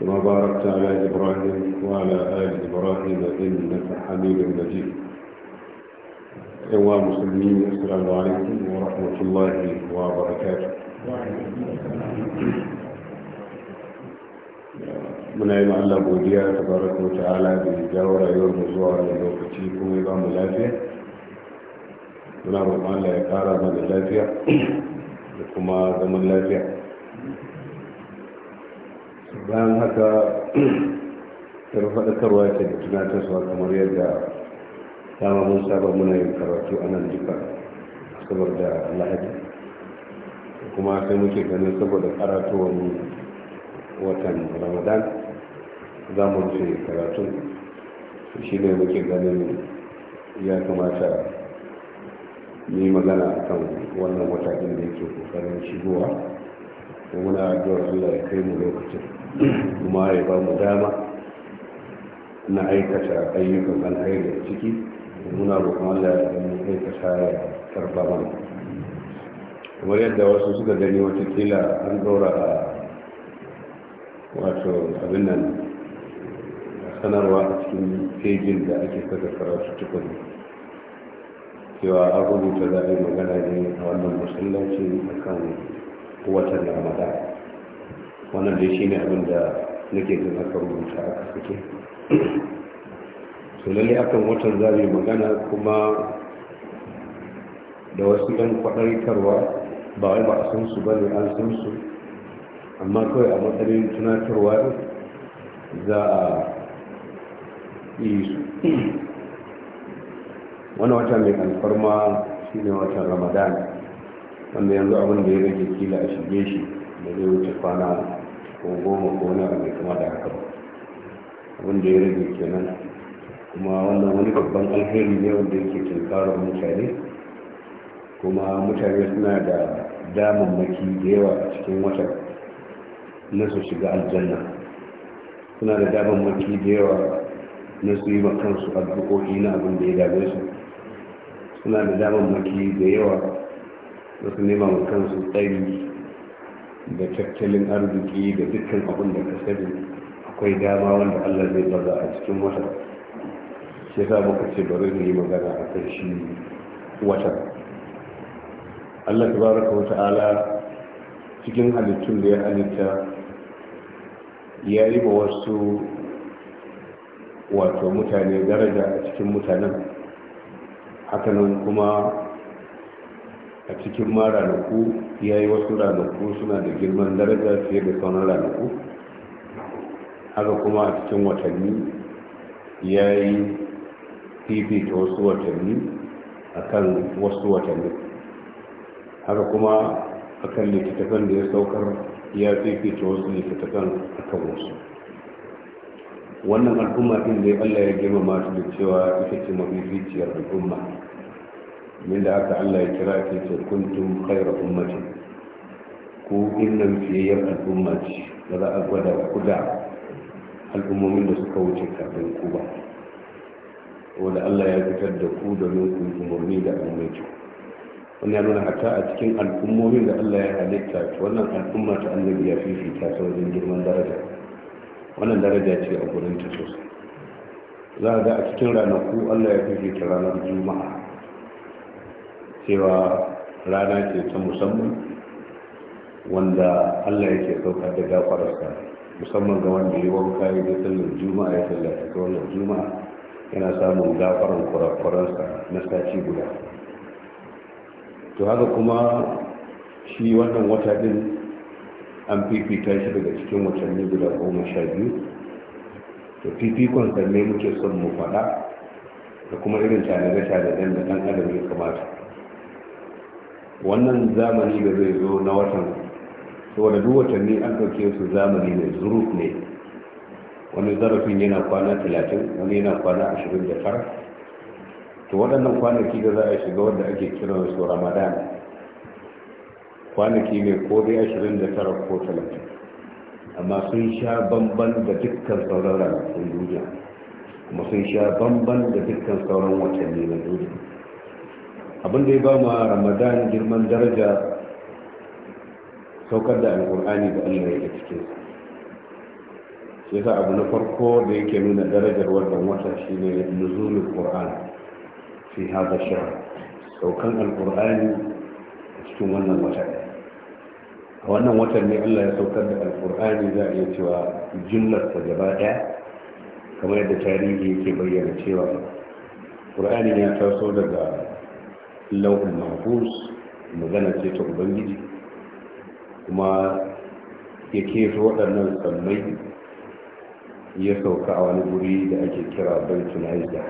كما باركت على إبراهيم وعلى آل إبراهيم إنك حميد مجيد أيها المسلمين السلام عليكم ورحمة الله وبركاته من أين الله بوديا تبارك وتعالى بجاورة يوم زوار يوم كتيكم إبام الافية من أبو الله يقارب من الافية لكم أبو الافية bayan haka ta faɗakarwa ce da tunatarwa kamar yadda dama mun saba muna yin karatu a nan duka saboda lahadi kuma sai muke ganin saboda wani watan ramadan za mu rufe karatu shi ne muke ganin ya kamata yi magana kan wannan wata da yake kokarin shigowa muna addu'ar allah ya kai mu lokacin kuma ya ba mu dama na aikata ayyukan alhairi da ciki muna roƙon Allah ya mu aikata ya karba mana kamar yadda wasu suka gani watakila an ɗora a wato abin nan sanarwa a cikin fejin da ake saka karatu tukuni cewa abubuwa za a yi magana ne a wannan a kan watan ramadan wannan dai ne abin da nake zai aka rubuta a fito to lalle akan watan zabi magana kuma da wasu ɗan kwaɗaitarwa ba wai ba a san su ba ne an san su amma kawai a matsayin tunatarwa za a yi su wani wata mai alfarma shi ne watan ramadan wanda yanzu abin da ya rage kila a shige shi da zai wuce kwana ko goma ko wani abu mai kama da haka ba abin da ya rage kenan kuma wannan wani babban alheri ne wanda yake tunkarar mutane kuma mutane suna da damammaki da yawa a cikin wata na su shiga aljanna suna da damammaki da yawa na su yi kansu addu'o'i na abin da ya dame su suna da damammaki da yawa na su nema kansu tsari da tattalin arziki da dukkan abin da ka sani akwai dama wanda allah zai baza a cikin wata shi za muka ce bari mu yi magana a kan shi wata allah tabaraka wa ta'ala cikin halittun da ya halitta ya yi ma wasu wato mutane daraja a cikin mutanen hakanan kuma a cikin ma ranaku ya yi wasu ranaku suna da girman daraja fiye da sauran ranaku haka kuma a cikin watanni ya yi fifita wasu watanni a kan wasu watanni haka kuma a kan littattafan da ya saukar ya fifita wasu littattafan a kan wasu wannan al'umma ɗin da allah ya masu su da cewa ita ce mafificiyar al'umma min da aka Allah ya kira ke ce kuntum khairu ummati ku innan fiyayyar al'umma ce da za a gwada ku da al'ummomin da suka wuce kafin ku ba wanda Allah ya fitar da ku domin ku umarni da al'ummaci wani ya nuna hata a cikin al'ummomin da Allah ya halitta ta wannan al'umma ta annabi ya fifita ta wajen girman daraja wannan daraja ce a gurin ta sosai za a ga a cikin ranaku Allah ya fifita ranar juma'a cewa rana ce ta musamman wanda Allah yake saukar da gafararsa musamman ga wanda ya wanka ya ga sallar juma'a ya sallar ta juma'a yana samun gafaran kurakurarsa na sati guda to haka kuma shi wannan wata din an fifita shi daga cikin watanni guda goma sha biyu da fifikon sannan muke son mu faɗa da kuma irin tanade-tanaden da ɗan adam ya kamata wannan zamani da zai zo na watan saboda duk watanni an ɗauke su zamani mai zuruf ne wani zarafin yana kwana talatin wani yana kwana ashirin da tara to waɗannan kwanaki da za a shiga wanda ake kiran su ramadan kwanaki ne ko ashirin da tara ko 30 amma sun sha bamban da dukkan sauran duniya kuma sun sha bamban da dukkan sauran watanni na duniya abin da ya ba ma ramadan girman daraja saukar da alkur'ani da allah ya cikin shi yasa abu na farko da yake nuna darajar wannan wata shine nuzulul qur'an fi hadha shahr saukan alkur'ani a cikin wannan wata a wannan watan ne allah ya saukar da alkur'ani za a iya cewa ta gaba daya kamar yadda tarihi yake bayyana cewa qur'ani ya taso daga lauhun mahfuz magana ce ta ubangiji kuma ya keto waɗannan sammai ya sauka a wani guri da ake kira baitul aizda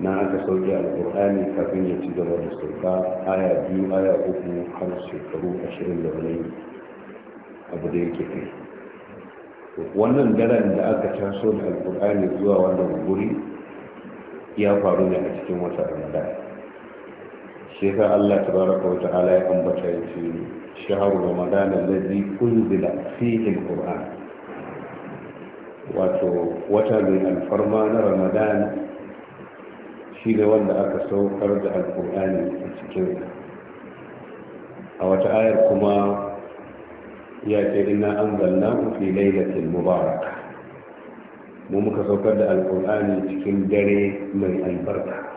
na aka sauke alƙur'ani kafin ya ci gaba da sauka aya biyu aya uku har shekaru ashirin da wani abu da yake kai wannan daren da aka taso da alƙur'ani zuwa wannan guri ya faru ne a cikin wata ramadan shi yasa Allah tabaraka wa ta'ala ya ambata yace shahru ramadan allazi unzila fihi alquran wato wata mai alfarma na ramadan shi ne wanda aka saukar da alkur'ani a cikin a wata ayar kuma ya ce ina an zanna fi lailatul mubarak mu muka saukar da alkur'ani cikin dare mai albarka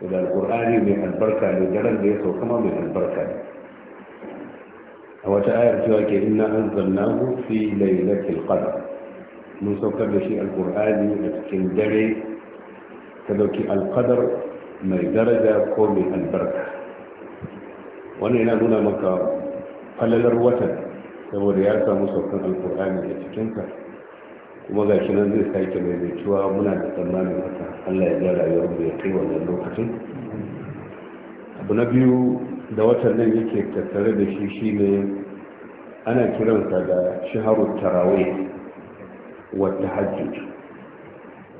da alkur'ani mai albarka ne daren da ya sauka ma mai albarka ne a wata ayar cewa ke inna an zannahu fi lailatul qadr mun saukar da shi alkur'ani a cikin dare ta dauki alqadar mai daraja ko mai albarka wannan yana nuna maka falalar watan saboda ya samu saukan alkur'ani a cikinsa kuma ga shi nan zai sake mai zaituwa muna da tsammanin haka allah ya ja rayuwar mu ya kai wannan lokacin abu na biyu da watan nan yake tattare da shi shine ana kiransa da shaharu tarawai wata hajji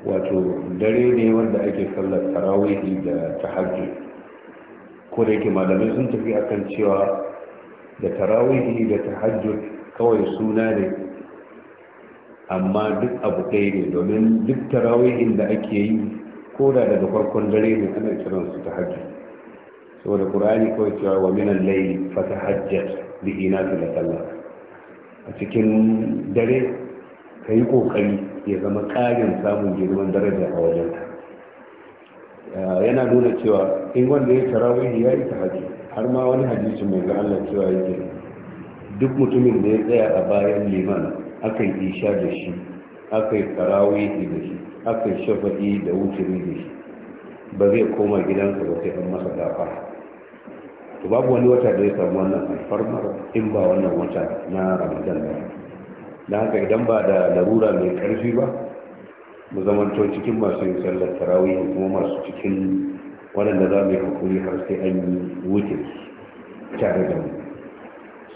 wato dare ne wanda ake sallar tarawai da tahajji ko da yake malamai sun tafi akan cewa da tarawai da Tahajji kawai suna ne amma duk abu ɗaya ne domin duk tarawihin da ake yi ko da daga farkon dare ne ana kiran su ta hajji saboda qur'ani kawai cewa wa min al-layli fatahajjat bihi Sallah? a cikin dare kai kokari ya zama ƙarin samun girman daraja a wajen ah, yana nuna cewa in wanda ya tarawihi ya yi ta hajji har ma wani hadisi mai ga Allah cewa yake duk mutumin da ya tsaya a bayan liman aka yi isha da shi aka yi karawihi da shi aka yi shafa'i da wuturi da shi ba zai koma gidansa ba sai an masa gafara to babu wani wata da ya samu wannan alfarmar in ba wannan wata na ramadan ba da haka idan ba da larura mai karfi ba mu zamanto cikin masu yin sallar tarawih kuma masu cikin waɗanda za mu yi hakuri har sai an yi wuce tare da mu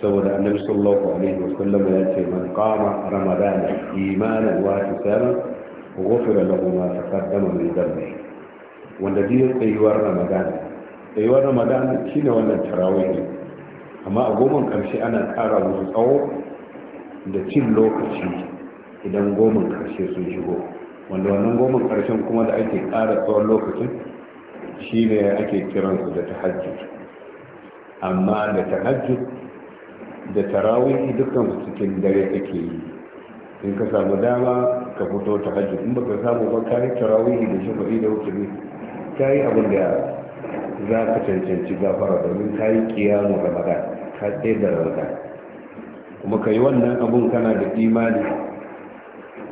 saboda annabi sallallahu alaihi wasallam ya ce man qama ramadana imanan wa tisaban ghufira lahu ma taqaddama min dhanbi wanda dai tsayuwar ramadana tsayuwar ramadana shine wannan tarawih amma a goman karshe ana ƙara musu tsawo da cin lokaci idan goman karshe sun shigo wanda wannan goman karshen kuma da ake ƙara tsawon lokacin shine ake kiransu da tahajjud amma da tahajjud da tarawih dukkan cikin dare take yi in ka samu dama ka fito ta hajji in baka samu ba ka yi tarawih da shafa'i da wuce ne ka yi abin da za ka cancanci gafara domin ka yi kiyamu ramadan ka tsaye da ramadan kuma ka yi wannan abun kana da imani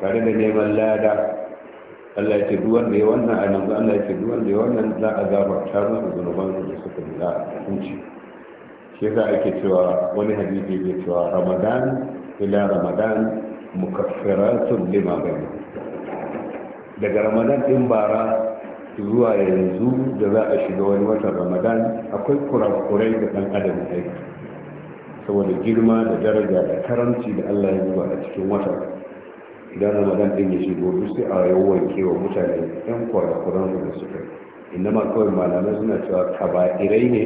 tare da neman lada Allah ya ce duwar da ya wannan a yanzu Allah ya ce duwar da ya wannan za a gafarta masa zunubansu da suka da a kunci shi a ke cewa wani hadisi ke cewa ramadan ila ramadan mukaffiratun lima bane daga ramadan din bara zuwa yanzu da za a shiga wani watan ramadan akwai kurakurai da dan adam aiki saboda girma da daraja da karamci da allah ya zuba a cikin watan idan ramadan din ya shigo duk sai a yawan kewa mutane yan kurakuran da suka yi inda ma kawai malamai suna cewa kaba'irai ne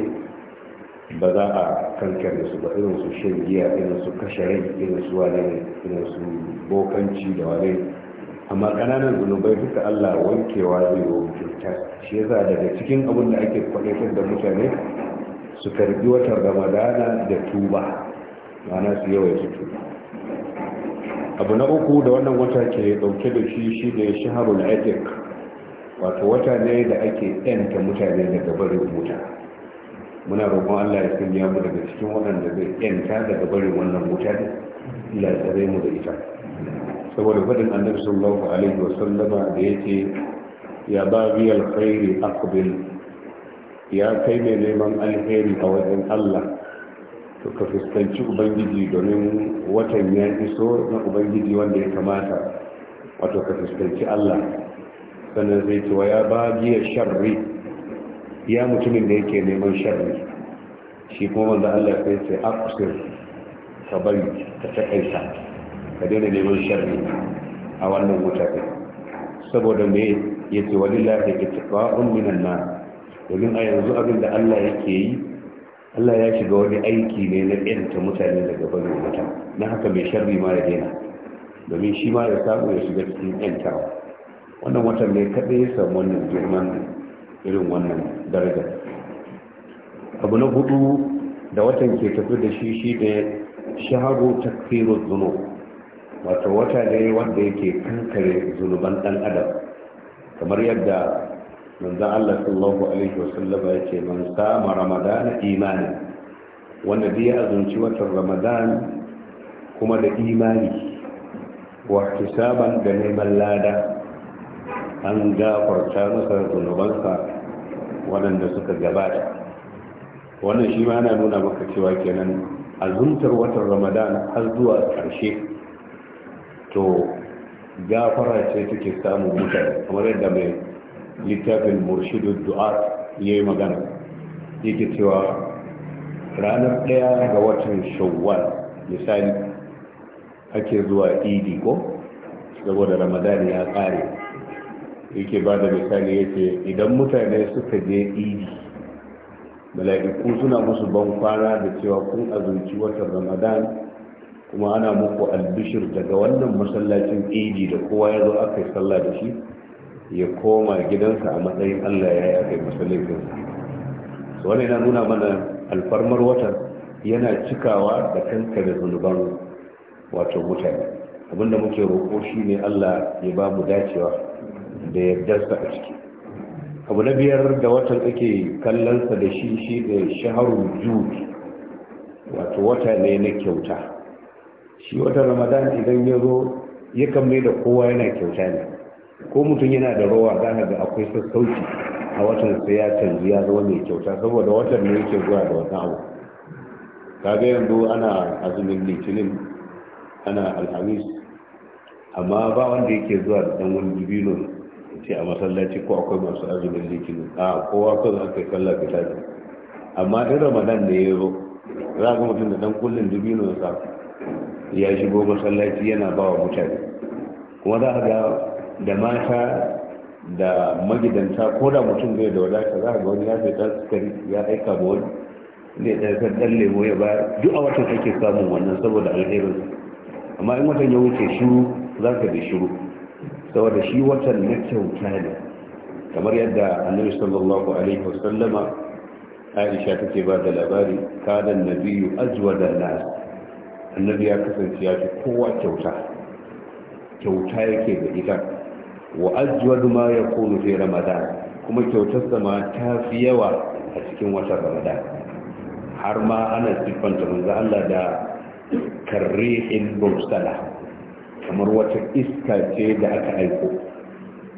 ba za a kankare su ba irin su shan giya irin su kashe rai irin su wane irin su bokanci da wane amma kananan zunubai duka Allah wankewa zai yi kyauta shi yasa daga cikin abin da ake kwadatar da mutane su karbi watan ramadana da tuba ma'ana su yawa su tuba abu na uku da wannan wata ke dauke da shi shi ne shaharul atiq wato wata ne da ake yanta mutane daga barin mutane muna roƙon Allah ya sanya mu daga cikin waɗanda zai yanta daga bari wannan wuta ne ila ya tsare mu da ita saboda faɗin annabi sallallahu alaihi wa sallama da yake ya ba biyal a aqbil ya kai mai neman alheri a wajen Allah to ka fuskanci ubangiji domin watan ya iso na ubangiji wanda ya kamata wato ka fuskanci Allah sannan zai ce wa ya ba biya sharri ya mutumin da yake neman sharri shi kuma wanda Allah sai ce aqsir ka bari ka takaita ka daina neman sharri a wannan wuta ɗin saboda me yace walillahi ittifa'un minan na domin a yanzu abin da Allah yake yi Allah ya shiga wani aiki ne na ƙyanta mutane daga barin wata, na haka mai sharri ma ya daina domin shi ma ya samu ya shiga cikin ƙyantawa wannan watan ne kaɗai ya samu wannan girman irin wannan darajar abu na hudu da watan ke tafi da shi shi da shaharu takfiru zuno wato wata ne wanda yake kankare zunuban dan adam kamar yadda manzan Allah sallallahu alaihi wasallama ya ce man sama ramadana imani wanda da azunci watan ramadan kuma da imani wa saban da neman lada an gafarta masa zunubansa waɗanda suka gabata wannan shi ma yana nuna maka cewa kenan azumtar watan ramadan har zuwa ƙarshe to gafara ce take samun mutane kamar yadda mai littafin murshidu du'a ya yi magana yake cewa ranar ɗaya ga watan shawwal misali ake zuwa idi ko saboda ramadan ya ƙare yake ba da misali ya ce idan mutane suka je idi mala'iku suna musu ban kwana da cewa kun azurci watan ramadan kuma ana muku albishir daga wannan masallacin idi da kowa ya zo aka yi sallah da shi ya koma gidansa a matsayin allah ya yi aka masallacinsa wani na nuna mana alfarmar watan yana cikawa da kanka da zunuban wato mutane abinda muke roƙo shi ne allah ya ba mu dacewa da yardarsa a ciki abu na biyar da watan ake kallonsa da shi shi da shaharu jude wato wata ne na kyauta shi watan ramadan idan ya zo ya mai da kowa yana kyauta ne ko mutum yana da rawa za ga akwai sassauci a watan sai ya canji ya zama mai kyauta saboda watan ne yake zuwa da wata abu kaga yanzu ana azumin litinin ana alhamis amma ba wanda yake zuwa da dan wani dibino ce a masallaci ko akwai masu azumin litinin a kowa ko za ka yi sallah ka tafi amma in ramadan da ya zo za ga mutum da dan kullum dubino ya samu ya shigo masallaci yana ba wa mutane kuma za ga da mata da magidanta ko da mutum zai da wadata za ga wani ya fi dan sukari ya aika ma wani zai ɗaukar ɗan lemo ya ba duk a watan ake samun wannan saboda alherin amma in watan ya wuce shiru za ka bi shiru saboda shi watan na kyauta ne kamar yadda annabi sallallahu alaihi wasallama aisha take ba da labari kadan nabiyu azwada nas annabi ya kasance ya ce kowa kyauta kyauta yake da ita wa azwadu ma yakunu fi ramadan kuma kyautar sama ta fi yawa a cikin watan ramadan har ma ana siffanta manzo Allah da karrihin bumsala kamar wata iska ce da aka aiko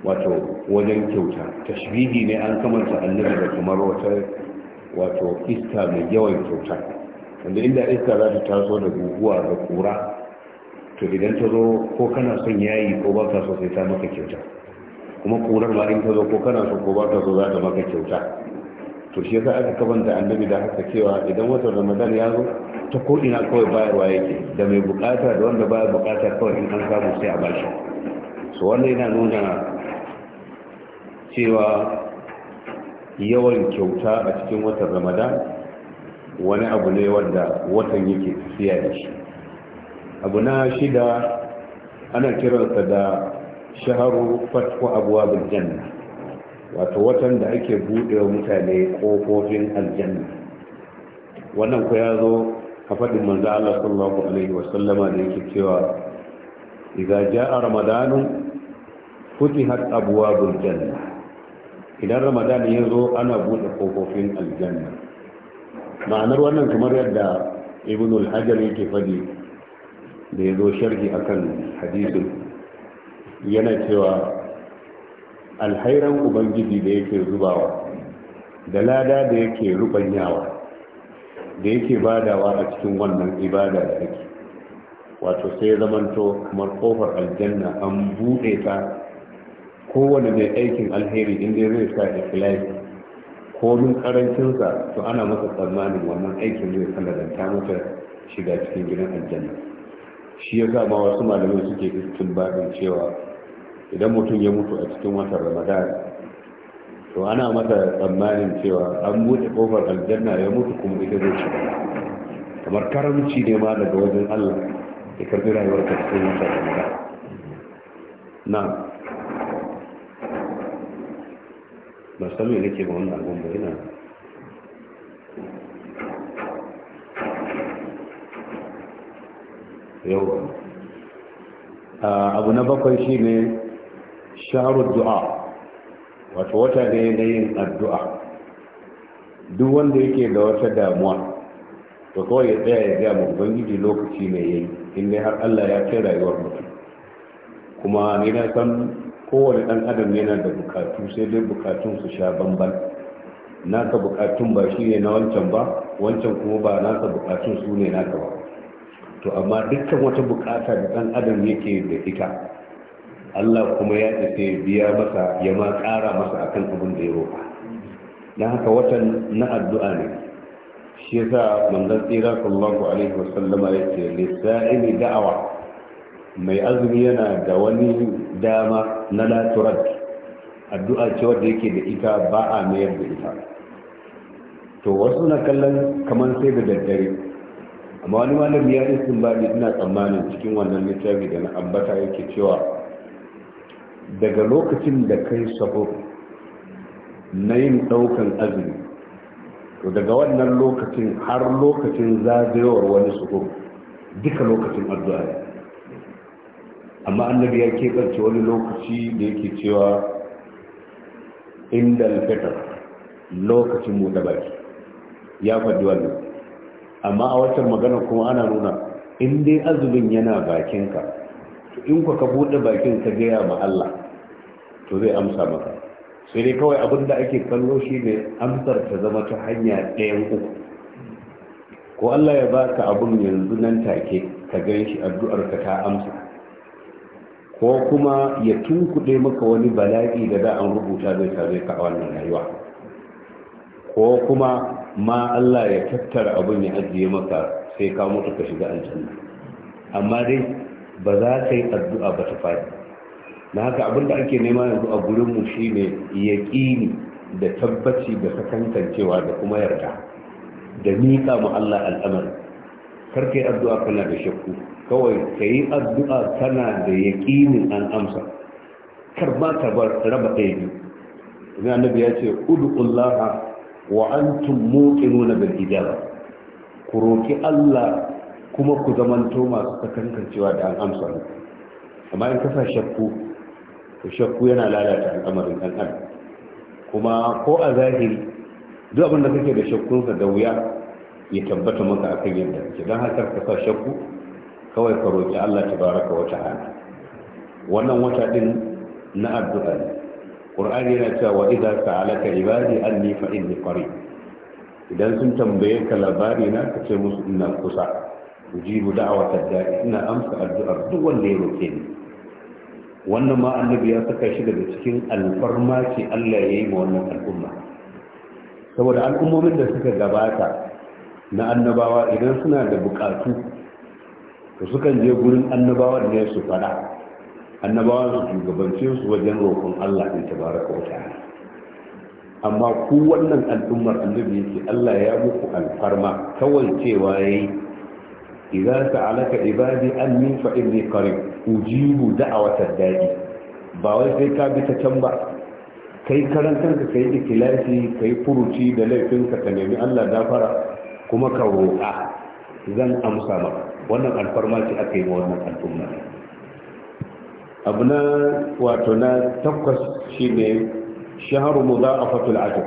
wato wajen kyauta tashbihi ne an kamanta annabi da kamar wata wato iska mai yawan kyauta wanda inda iska za ta taso da guguwa da kura to idan ta zo ko kana son yayi ko ba ka so sai ta maka kyauta kuma kurar ma in ta zo ko kana so ko ba ka so za ta maka kyauta to shi yasa aka kabanta annabi da haka cewa idan watan ramadan ya zo ta ko'ina kawai bayarwa yake da mai bukata da wanda bayar bukata kawai in an samu sai a bashi su wanda yana nuna cewa yawan kyauta a cikin watan ramadan wani abu ne wanda watan yake tafiya da shi abu na shida ana kiransa da shaharu fatku abuwa janna wato watan da ake buɗe mutane ƙofofin aljanna wannan ku ya zo a faɗin manzo Allah sallallahu alaihi wasallama da yake cewa jaa futihat abwabul janna idan ramadan ya zo ana buɗe kofofin aljanna ma'anar wannan kamar yadda ibn al-hajar yake faɗi da ya zo sharhi akan hadisin yana cewa alhairan ubangiji da yake zubawa da lada da yake rubanyawa da yake badawa a cikin wannan ibada da ake wato sai ya zamanto kamar kofar aljanna an buɗe ta kowane mai aikin alheri inda zai sa ikhlasi komin karancinsa to ana masa tsammanin wannan aikin zai sanadanta masa shiga cikin gidan aljanna shi ya ma wasu malamai suke istin babin cewa idan mutum ya mutu a cikin watan ramadan to ana masa tsammanin cewa an buɗe kofar aljanna ya mutu kuma ita zai shiga kamar karamci ne ma daga wajen allah ya karbi rayuwar ka cikin wata ramada na ba san me nake ba wannan abun ba yana yau ah, abu na bakwai shine sharu du'a wato wata ne na yin addu'a duk wanda yake da wata damuwa to kawai ya tsaya ya gaya ma ubangiji lokaci mai yi, in dai har Allah ya kai rayuwar mutum kuma ni na san kowane ɗan adam yana da bukatu sai dai bukatun su sha bamban naka bukatun ba shi ne na wancan ba wancan kuma ba naka bukatun su ne naka ba to amma dukkan wata bukata da ɗan adam yake da ita Allah kuma ya isa biya masa ya ma ƙara masa akan abin da ya roƙa Na haka watan na addu'a ne shi yasa manzon tsira sallallahu alaihi wasallama ya ce lisa'ili da'awa mai azumi yana da wani dama na laturat addu'a ce wadda yake da ita ba a mayar da ita to wasu na kallon kamar sai da daddare amma wani malami ya istin baɗi ina tsammanin cikin wannan littafi da na ambata yake cewa daga lokacin da kai sabo na yin daukan azumi to daga wannan lokacin har lokacin zagayowar wani suhur duka lokacin addu'a ne amma annabi ya keɓance wani lokaci da yake cewa inda alfitar lokacin mu da baki ya faɗi wannan amma a waccan magana kuma ana nuna in dai azumin yana bakinka in kuka ka buɗe bakin ka gaya ma Allah to zai amsa maka sai dai kawai abin da ake kallo shi ne amsar ta zama ta hanya ɗayan uku ko Allah ya baka abin yanzu nan take ka gan shi addu'ar ka ta amsa ko kuma ya tunkuɗe maka wani bala'i da da an rubuta zai zai ka wannan rayuwa ko kuma ma Allah ya tattara abin ya ajiye maka sai ka mutu ka shiga aljanna amma dai ba za ka yi addu'a ba ta faɗi na haka abin da ake nema yanzu a gurinmu shine yaƙini da tabbaci da sakantancewa da kuma yarda da miƙa mu Allah al'amari kar kai addu'a kana da shakku kawai ka yi addu'a kana da yaƙinin an amsa kar ba ka bar raba ɗaya biyu ina annabi ya ce Udu, udu'ullaha wa antum nuna bil ijaba ku roƙi Allah kuma ku zamanto masu sakantancewa da an amsa amma in ka sa shakku to shakku yana lalata al'amarin ɗan adam kuma ko a zahiri duk abin da kake da shakkunsa da wuya ya tabbata maka akan yadda kake don haka ka sa shakku kawai ka roƙi Allah tabaraka wa ta'ala wannan wata din na addu'a ne qur'ani yana cewa idza sa'alaka ibadi anni fa inni qarib idan sun tambaye ka labari na ka ce musu ina kusa ujibu da'watad da'i ina amsa addu'ar duk wanda ya roke ni wannan ma annabi ya saka shi daga cikin alfarma ce Allah ya yi ma wannan al'umma saboda al'ummomin da suka gabata na annabawa idan suna da bukatu to sukan je gurin annabawan ne su fada annabawan su shugabance su wajen roƙon Allah ne tabaraka wa ta'ala amma ku wannan al'ummar annabi yake Allah ya muku alfarma kawai cewa yayi idza sa'alaka ibadi anni fa inni qarib ujibu da'awatar da'i ba wai sai ka bi ta can ba kai karantar ka kai ikilasi kai furuci da laifinka ka nemi Allah gafara kuma ka roƙa zan amsa ma wannan alfarma ce aka yi wannan al'umma abu na wato na takwas ne shaharu mudha'afatul ajr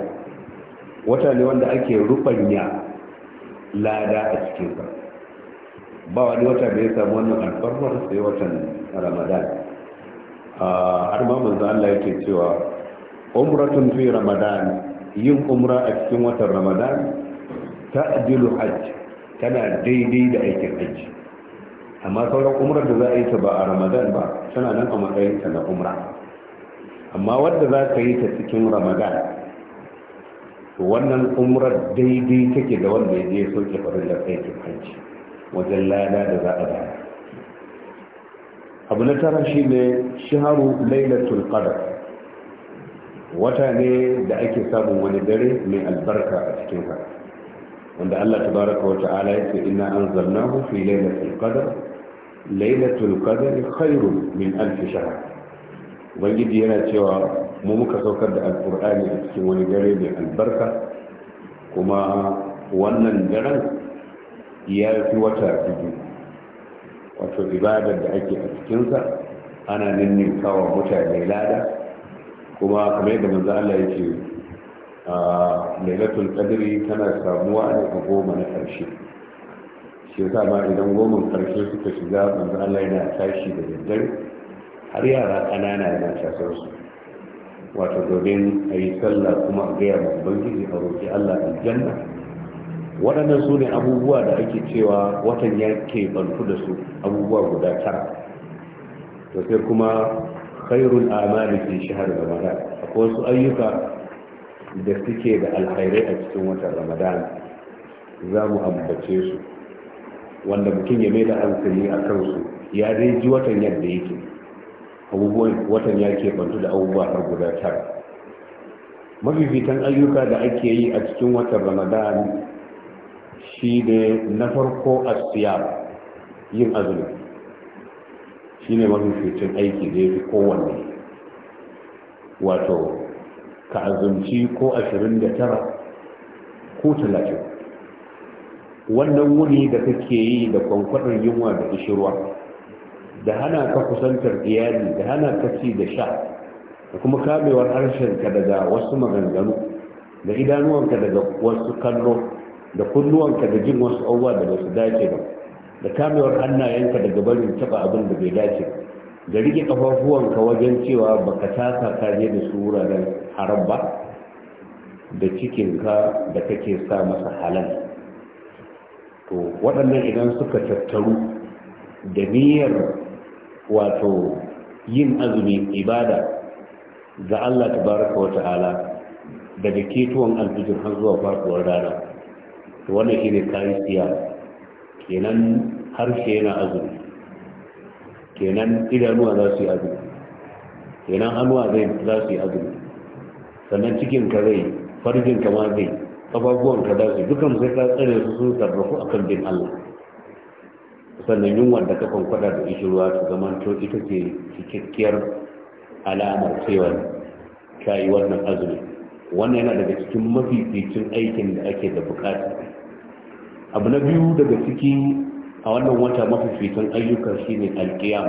wata ne wanda ake rufanya lada a cikin ba wani wata da ya samu wannan alfarmar sai watan ramadan ah, har ma manzo Allah yake cewa umratun fi ramadan yin umra a cikin watan ramadan ta'dilu hajj tana daidai da aikin hajji amma sauran umrar da za a yi ta ba a ramadan ba tana nan a matsayin ta na umra amma wadda za ka yi ta cikin ramadan wannan umrar daidai take da wanda ya je soke farin da aikin hajji wajen lada da za a bayar abu na tara shi ne shaharu lailatul qadar wata ne da ake samun wani dare mai albarka a cikin ka wanda Allah tabaraka wa ta'ala ya ce inna anzalnahu fi lailatul qadar lailatul qadar khairun min alf shahr ubangiji yana cewa mu muka saukar da alqur'ani a cikin wani dare mai albarka kuma wannan daren ya fi wata biyu wato ibadar da ake a cikinsa ana ninnin kawo mutane lada kuma kamar yadda manzo Allah ya a lailatul qadri tana samuwa ne a goma na karshe shi yasa ma idan goma karshe suka shiga manzo Allah yana tashi da daddare har yara ƙanana yana tasar su wato domin a yi sallah kuma a gaya ma ubangiji a roƙi Allah aljanna waɗannan su ne abubuwa da ake cewa watan ya ke bantu da su abubuwa guda tara to sai kuma khairul amali fi shahar ramadan akwai wasu ayyuka da suke da alkhairai a cikin watan ramadan za mu ambace su wanda mutum ya mai da hankali a kansu ya dai ji watan yadda yake abubuwan watan ya ke bantu da abubuwa har guda tara mafifitan ayyuka da ake yi a cikin watan ramadan shi ne na farko a siyar yin azumi shi ne mafificin aiki da ya fi kowanne wato ka azumci ko ashirin da tara ko talatin wannan wuni da kake yi da kwankwadar yunwa da kishirwa da hana ka kusantar iyali da hana ka ci da sha da kuma kamewar harshenka daga wasu maganganu da idanuwanka daga wasu kallo da kunnuwanka da jin wasu abubuwa da basu dace ba da kamewar hannayenka daga barin taba abin da bai dace da rike kafafuwanka wajen cewa baka taka ka je da su wuraren haram ba da cikinka da kake sa masa halal to waɗannan idan suka tattaru da niyyar wato yin azumi ibada ga Allah tabaraka wa ta'ala daga ketuwan alfijir har zuwa faɗuwar rana to wannan shi ne kayi siya kenan harshe yana azumi kenan idanuwa za su yi azumi kenan hannuwa za su yi azumi sannan cikinka zai farjinka ma zai abubuwanka za su dukan sai ka tsare su sun sarrafu a kan bin allah sannan yunwar da kafan kwada da ishirwa su zaman to ita ce cikakkiyar alamar cewa ta yi wannan azumi wannan yana daga cikin mafificin aikin da ake da bukatar abu na biyu daga ciki a wannan wata mafificin ayyukan shi ne alkiyam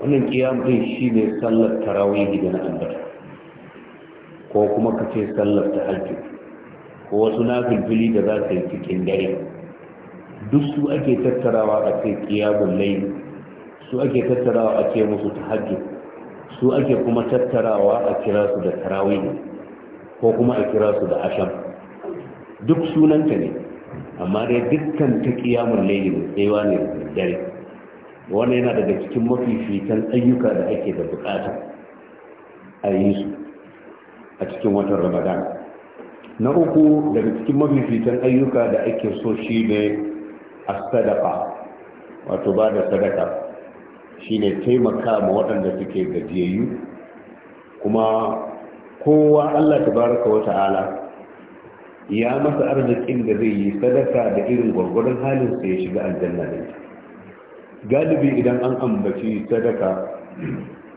wannan kiyam din shi ne sallar tarawai gida na ambata ko kuma ka ce sallar ta hajji ko wasu na filfili da za su yi cikin dare duk su ake tattarawa a ce kiyamun lai su ake tattarawa a ce musu ta hajji su ake kuma tattarawa a kira su da tarawai ko kuma a kira su da asham duk sunanta ne amma dai dukkan ta kiyamun laili mai tsewa ne dare wani yana daga cikin mafi fitan ayyuka da ake da bukata a yi su a cikin watan ramadan na uku daga cikin mafi fitan ayyuka da ake so shi ne a sadaka wato ba da sadaka shi ne taimaka ma waɗanda suke gajiyayyu kuma kowa allah Ta baraka wa ta'ala ya masa arzikin da zai yi sadaka da irin gwargwadon halin sa ya shiga aljanna ne galibi idan an ambaci sadaka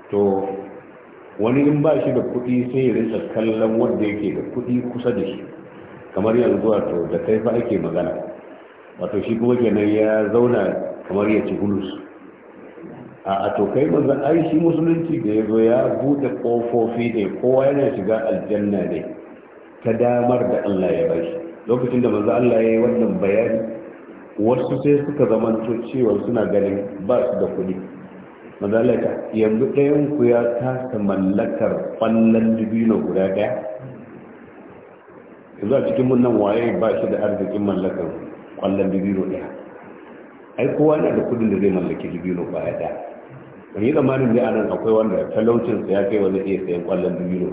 to wani in ba shi da kuɗi sai ya rinsa kallon wanda yake da kuɗi kusa da shi kamar yanzu wato da kai fa ake magana wato shi kuma kenan ya zauna kamar ya ci gulus a to kai manzan ai shi musulunci da ya zo ya buɗe kofofi ne kowa yana shiga aljanna ne ta damar da Allah ya bashi lokacin da manzo Allah ya yi wannan bayani wasu sai suka zamanto cewa suna ganin ba su da kuɗi manzo Allah ya yanzu ɗayan ku ya tasa mallakar ƙwallon dubino guda ɗaya yanzu a cikin mun nan waye ba shi da arzikin mallakar ƙwallon dubino ɗaya ai kowa yana da kuɗin da zai mallaki dubino ɗaya ban yi zamanin da anan akwai wanda talaucinsa ya kai wani iya sayan ƙwallon dubino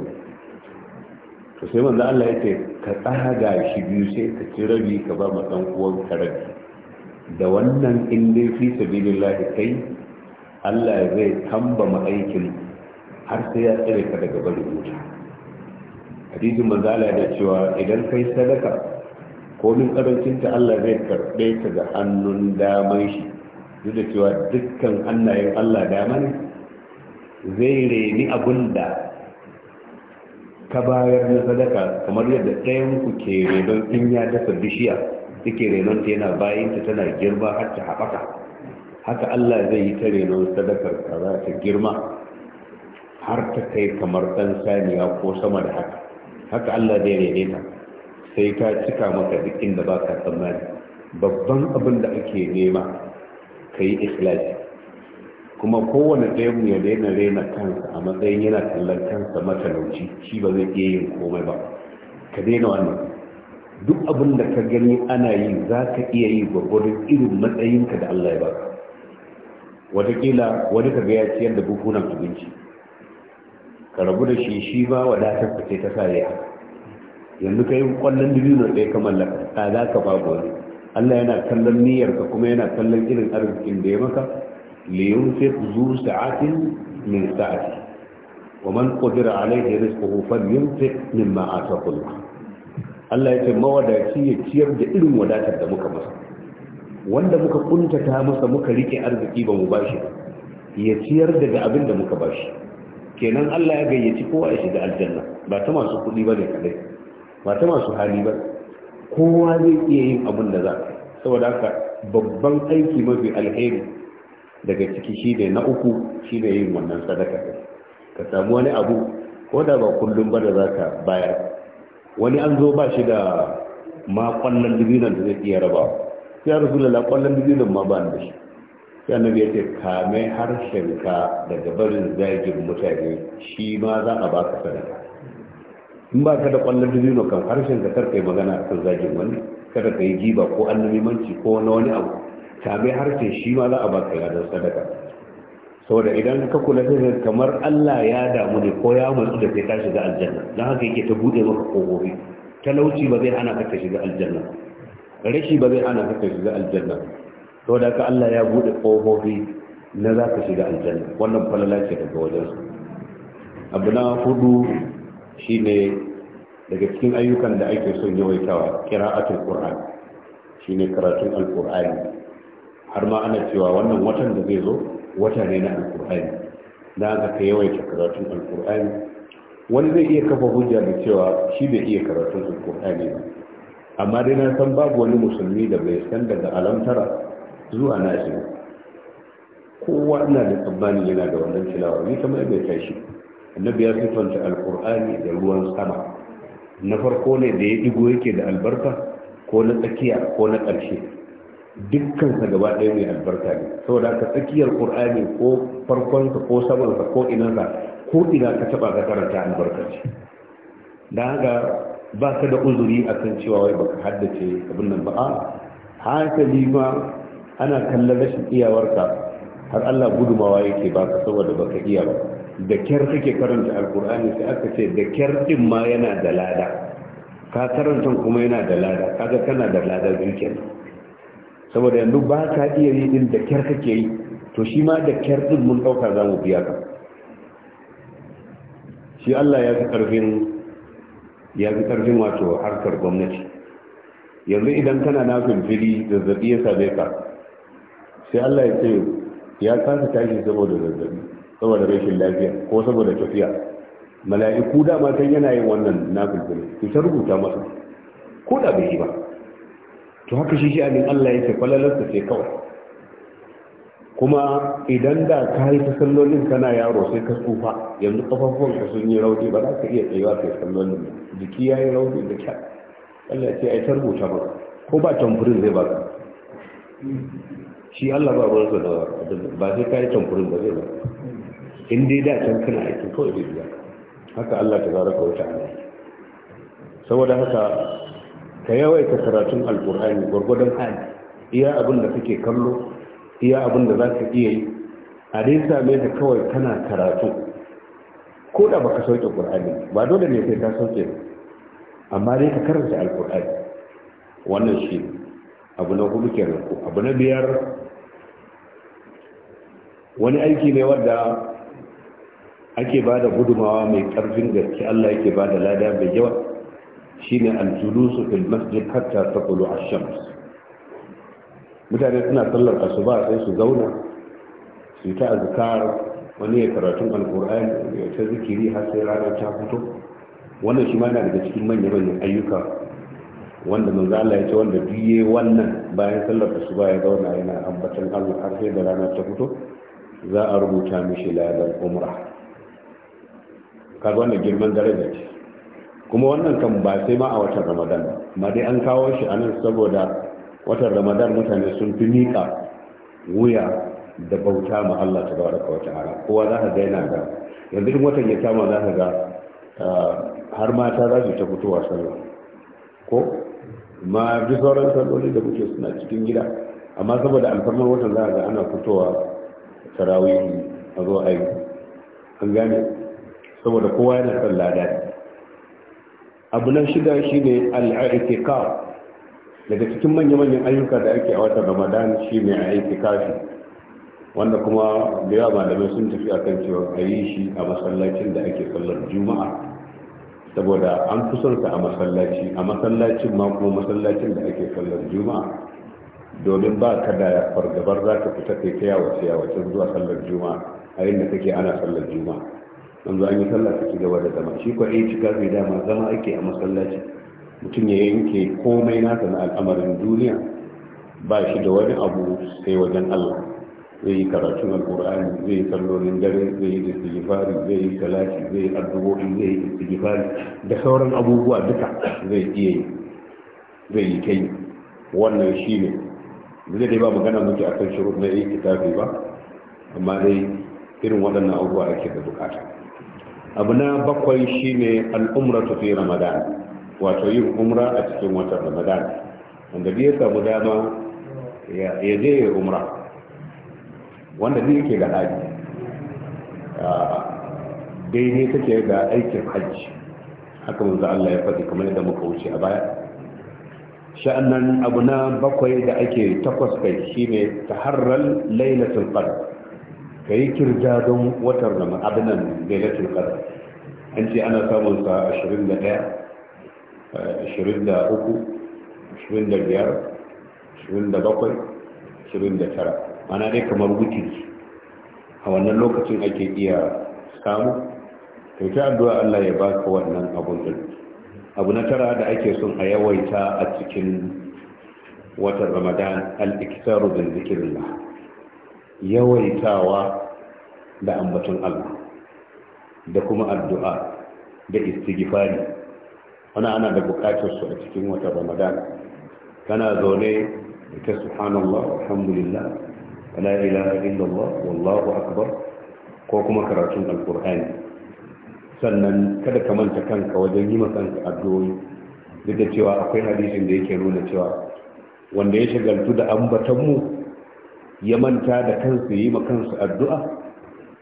to sai manzo Allah ya ce ka tsaga shi biyu sai ka ci rabi ka ba ma dan uwan karabi da wannan in dai fi sabilillah kai Allah zai tambama aikin har sai ya tsare ka daga bari wuta hadisi manzo Allah da cewa idan kai sadaka ko min karancin ta Allah zai karbe ta ga hannun daman shi duk da cewa dukkan hannayen Allah dama ne zai reni abin da ka bayar na sadaka kamar yadda ɗayan ku ke renon in ya dafa bishiya take renon ta yana bayanta tana girma har ta haɓaka haka Allah zai yi ta renon sadakar ka za ta girma har ta kai kamar ɗan saniya ko sama da haka haka Allah zai rene ta sai ta cika maka duk inda ba ka tsammani babban abin da ake nema ka yi ikhlasi kuma kowane ɗaya mu ya daina rena kansa a matsayin yana kallon kansa matalauci shi ba zai iya yin komai ba ka daina wannan duk abin da ka gani ana yi za ka iya yi gwagwarin irin matsayinka da Allah ya baka watakila wani ka ya ciyar da bukunan abinci ka rabu da shi shi ba wadatar ka ce ta sa ya yanzu ka yi kwallon dubino ɗaya ka mallaka za ka ba wani Allah yana kallon niyyarka kuma yana kallon irin arzikin da ya maka لينفق ذو سعة من سعته ومن قدر عليه رزقه فلينفق مما آتاه الله Allah ya ce mawadaci ya ciyar da irin wadatar da muka masa wanda muka kuntata masa muka rike arziki ba mu bashi ba ya ciyar daga abin da muka bashi kenan Allah ya gayyaci kowa ya shiga aljanna ba ta masu kuɗi ba ne kadai ba ta masu hali ba kowa zai iya yin abin da za saboda haka babban aiki mafi alheri daga ciki shi ne na uku shi ne yin wannan sadaka ɗin ka samu wani abu ko da ba kullum ba da za ka bayar wani an zo ba shi da ma kwallon dibinan da zai iya rabawa sai ya rasu da kwallon dibinan ma ba da shi sai annabi ya ce kame harshenka daga barin zagin mutane shi ma za a baka sadaka in ba ka da kwallon dibinan kan harshenka kar yi magana a kan zagin wani kada ka yi giba ko annabimanci ko wani abu tabe harshe shi ma za a baka yadon sadaka saboda idan ka kula sai kamar Allah ya damu ne ko ya matsu da sai ka shiga aljanna don haka yake ta bude maka kogobi talauci ba zai hana ka shiga aljanna rashi ba zai hana ka shiga aljanna saboda ka Allah ya bude kogobi na za ka shiga aljanna wannan falala ce daga wajensu abu na hudu shine daga cikin ayyukan da ake son yawaitawa qira'atul qur'an shine karatun alqur'ani har ma ana cewa wannan watan da zai zo wata ne na alkur'ani na aka ka yawaita karatun alkur'ani wani zai iya kafa hujja da cewa shi bai iya karatun alkur'ani ba amma dai na san babu wani musulmi da bai san daga alamtara zuwa nashi kowa ina da tsammani yana da wannan tilawa ni kamar bai tashi annabi ya sifanta alkur'ani da ruwan sama na farko ne da ya digo yake da albarka ko na tsakiya ko na ƙarshe dukkansa gaba ɗaya mai albarka ne saboda ka tsakiyar qur'ani ko farkonsa ko samansa ko inansa ko ina ka taɓa ka karanta albarka ce da haka ba ka da uzuri akan cewa wai baka haddace abin nan ba a hankali ma ana kallon rashin iyawarka har Allah gudumawa yake baka saboda baka iya ba da kyar kake karanta alkur'ani sai aka ce da kyar din ma yana da lada ka karanta kuma yana da lada kaga kana da lada zuciyarka saboda yanzu ba ka iya yi din da kyar kake yi to shi ma da kyar din mun ɗauka za mu biya ka shi Allah ya fi ƙarfin ya fi ƙarfin wato harkar gwamnati yanzu idan kana na fili zazzabi ya same ka sai Allah ya ce ya kasa tashi saboda zazzabi saboda rashin lafiya ko saboda tafiya mala'iku dama kan yana yin wannan na fili ta rubuta masa ko da bai yi ba to haka shi shi abin Allah yake kwalalarsa sai kawai kuma idan da ka yi ta sallolin kana yaro sai ka tsufa yanzu kafafuwan ka sun yi rauni ba za ka iya tsayawa kai sallolin jiki ya yi rauni da kyau Allah ce ai ta ba ko ba tamfurin zai ba shi Allah ba ruwan sa da ba sai ka yi tamfurin ba zai ba in dai da can kana aiki kawai bai biya haka Allah ta zaraka wata ala saboda haka ka yawaita karatun alkur'ani gwargwadon hali iya abin da suke kallo iya abin da za ka iya yi a dai same ka kawai kana karatu ko da baka sauke qur'ani ba dole ne sai ka sauke amma dai ka karanta alkur'ani wannan shi abu na hudu ke ko abu na biyar wani aiki ne wadda ake ba da gudumawa mai karfin gaske Allah yake ba da lada mai yawa shine al-julusu fil masjid hatta taqulu ash-shams mutane suna sallar asuba sai su zauna su ta azkar wani ya karatun alqur'ani ya ta zikiri har sai rana ta fito wannan shi ma yana daga cikin manyan manyan ayyuka wanda manzo Allah ya ce wanda biye wannan bayan sallar asuba ya zauna yana ambatan Allah har sai da rana ta fito za a rubuta mishi ladan umra kaga wannan girman daraja ce kuma wannan kan ba sai ma a watan ramadan ma dai an kawo shi a nan saboda watan ramadan mutane sun fi miƙa wuya da bauta ma Allah ta baraka wa ta'ala kowa za ka gaina ga yanzu duk watan ya kama za ka ga ah, har mata za su ta fitowa sallah ko ma duk sauran salloli da kuke suna cikin gida amma saboda alfarmar watan za ga ana fitowa tarawih a zo ayi an gane saboda kowa yana son lada abu na shida shine al-i'tikaf daga cikin manya-manyan ayyuka da ake a watan ramadan shi ne aiki kafi. wanda kuma da yawa malamai sun tafi akan cewa a yi shi a masallacin da ake sallar juma'a saboda an fi son sa a masallaci a masallacin ma kuma masallacin da ake sallar juma'a domin ba ka da fargabar za ka fita kai ta yawace yawacin zuwa sallar juma'a a inda kake ana sallar juma'a yanzu an yi sallah ka ci gaba da zama shi kwaɗe eh, cika da dama zama ake a masallaci mutum ya yanke komai nasa na al'amarin duniya ba shi da wani abu sai wajen allah zai yi karatun alkur'ani zai yi sallolin dare zai yi istighfari zai yi salati zai yi addu'o'i zai yi istighfari da sauran abubuwa duka zai iya yi zai yi kai wannan shi ne zai dai ba magana muke akan kan na yi kitabi ba amma dai irin waɗannan abubuwa ake da bukata abu na bakwai shine al'umratu fi ramadan wato yin umra a cikin watan ramadan wanda bai samu dama ya je ya umra wanda ne yake da haji ah, daidai take da aikin hajji haka manzo Allah ya faɗi kamar yadda muka wuce a baya sha'annan abu na bakwai da ake takwas kai shine taharral lailatul qadr ka yi kirja don watan rama abinan lailatul qadar an ce ana samun sa 21 23 25 27 29 ana dai kamar wikiri a wannan lokacin ake iya samu kyauta addu'a Allah ya baka wannan abun da abu na tara da ake son a yawaita a cikin watan ramadan al-iktaru bin zikirillah yawaitawa da ambaton Allah da kuma addu'a da istigifari ana ana da bukatar su a cikin wata Ramadan kana zaune ta subhanallah alhamdulillah la ilaha illallah wallahu akbar ko kuma karatun alqur'ani sannan kada ka manta kanka wajen yi kanka addu'o'i duk da cewa akwai hadisin da yake nuna cewa wanda ya shagaltu da ambatanmu ya manta da kansu yi ma kansu addu'a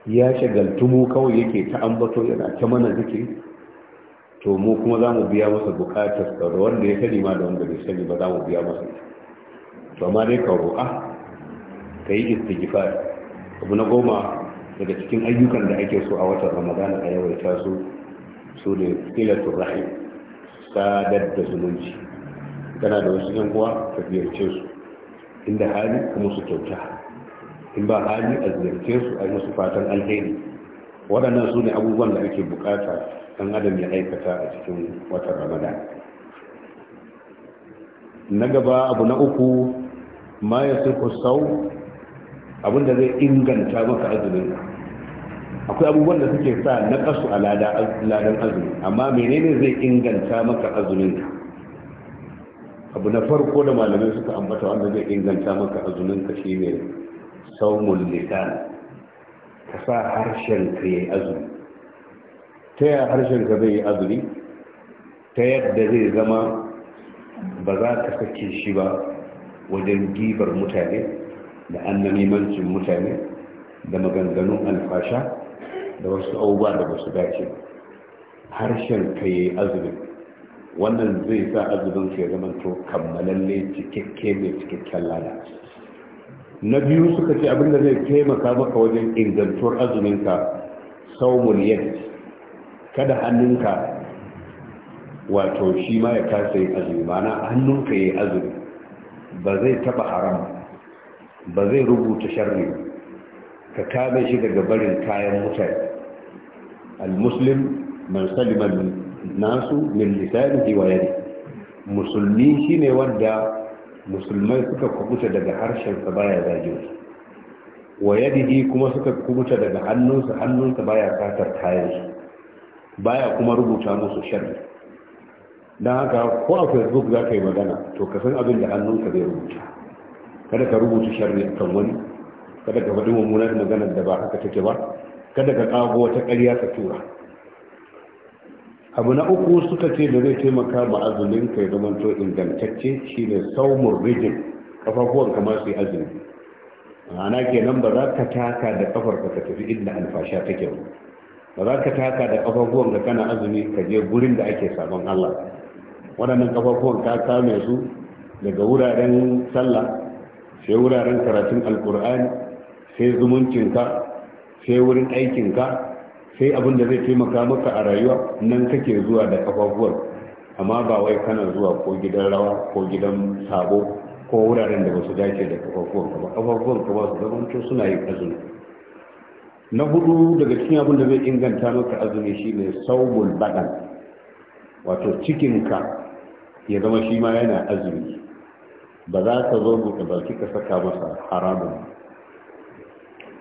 ya shagaltu mu kawai yake ta ambato yana ta mana zuke to mu kuma za mu biya masa bukatar da wanda ya sani ma da wanda bai sani ba za mu biya masa to amma dai ka roƙa ka yi istighfar abu na goma daga cikin ayyukan da ake so a watan ramadan a yawaita taso su ne ilatul rahim sadar da zumunci kana da wasu yan uwa ka ziyarce su inda hali kuma musu kyauta in ba hali a ziyarce su a su fatan alheri waɗannan su ne abubuwan da ake bukata ɗan adam ya aikata a cikin watan ramada na gaba abu na uku ma ya ku sau abinda zai inganta maka azumin akwai abubuwan da suke sa na kasu a ladan azumi amma menene zai inganta maka azumin abu na farko da malamai suka ambata wanda zai inganta maka azumin ka shi ne saumun lisan ka sa harshen ka yi azumi ta yaya harshen ka zai yi azumi ta yadda zai zama ba za ka sake shi ba wajen gibar mutane da annamimancin mutane da maganganun alfasha da wasu abubuwa da ba su dace harshen ka yi azumi wannan zai sa azumin ya zama to kammalalle cikakke mai cikakken lada na biyu suka ce abin da zai taimaka maka wajen ingantuwar azuminka saumul yadda. kada hannunka wato shi ma ya kasa yin azumi mana hannunka ya yi azumi ba zai taba haram ba zai rubuta sharri ka kame shi daga barin kayan mutane al-muslim man salima min nasu min lisanihi wa yadi musulmi shine wanda musulmai suka kubuta daga harshen sa baya zage su wa yadihi kuma suka kubuta daga hannunsa hannunsa baya katar kayan su baya kuma rubuta musu sharri dan haka ko a facebook za ka yi magana to ka san abin da hannunka zai rubuta kada ka rubuta sharri akan wani kada ka faɗi mummunar maganar da ba haka take ba kada ka kago wata ƙarya ka tura abu na uku suka ce da zai taimaka ma azumin ka ya zama to ingantacce shi ne saumun rijin kafafuwan kama su yi azumi ana kenan ba za ka taka da kafar ka tafi inda alfasha ta kyau. ba za ka taka da kafafuwan ka kana azumi ka je gurin da ake sabon Allah waɗannan kafafuwan ka kame su daga wuraren sallah sai wuraren karatun alkur'ani sai zumuncinka sai wurin aikinka sai abin da zai taimaka maka a rayuwa nan kake zuwa da kafafuwar amma ba wai kana zuwa ko gidan rawa ko gidan sabo ko wuraren da ba su dace da kafafuwan ka ba kafafuwan ka ba su zamanto suna yin azumi na hudu daga cikin abin da zai inganta maka azumi shine saubul badan wato cikinka ya zama shi ma yana azumi ba za ka zo buɗe baki ka saka masa haramun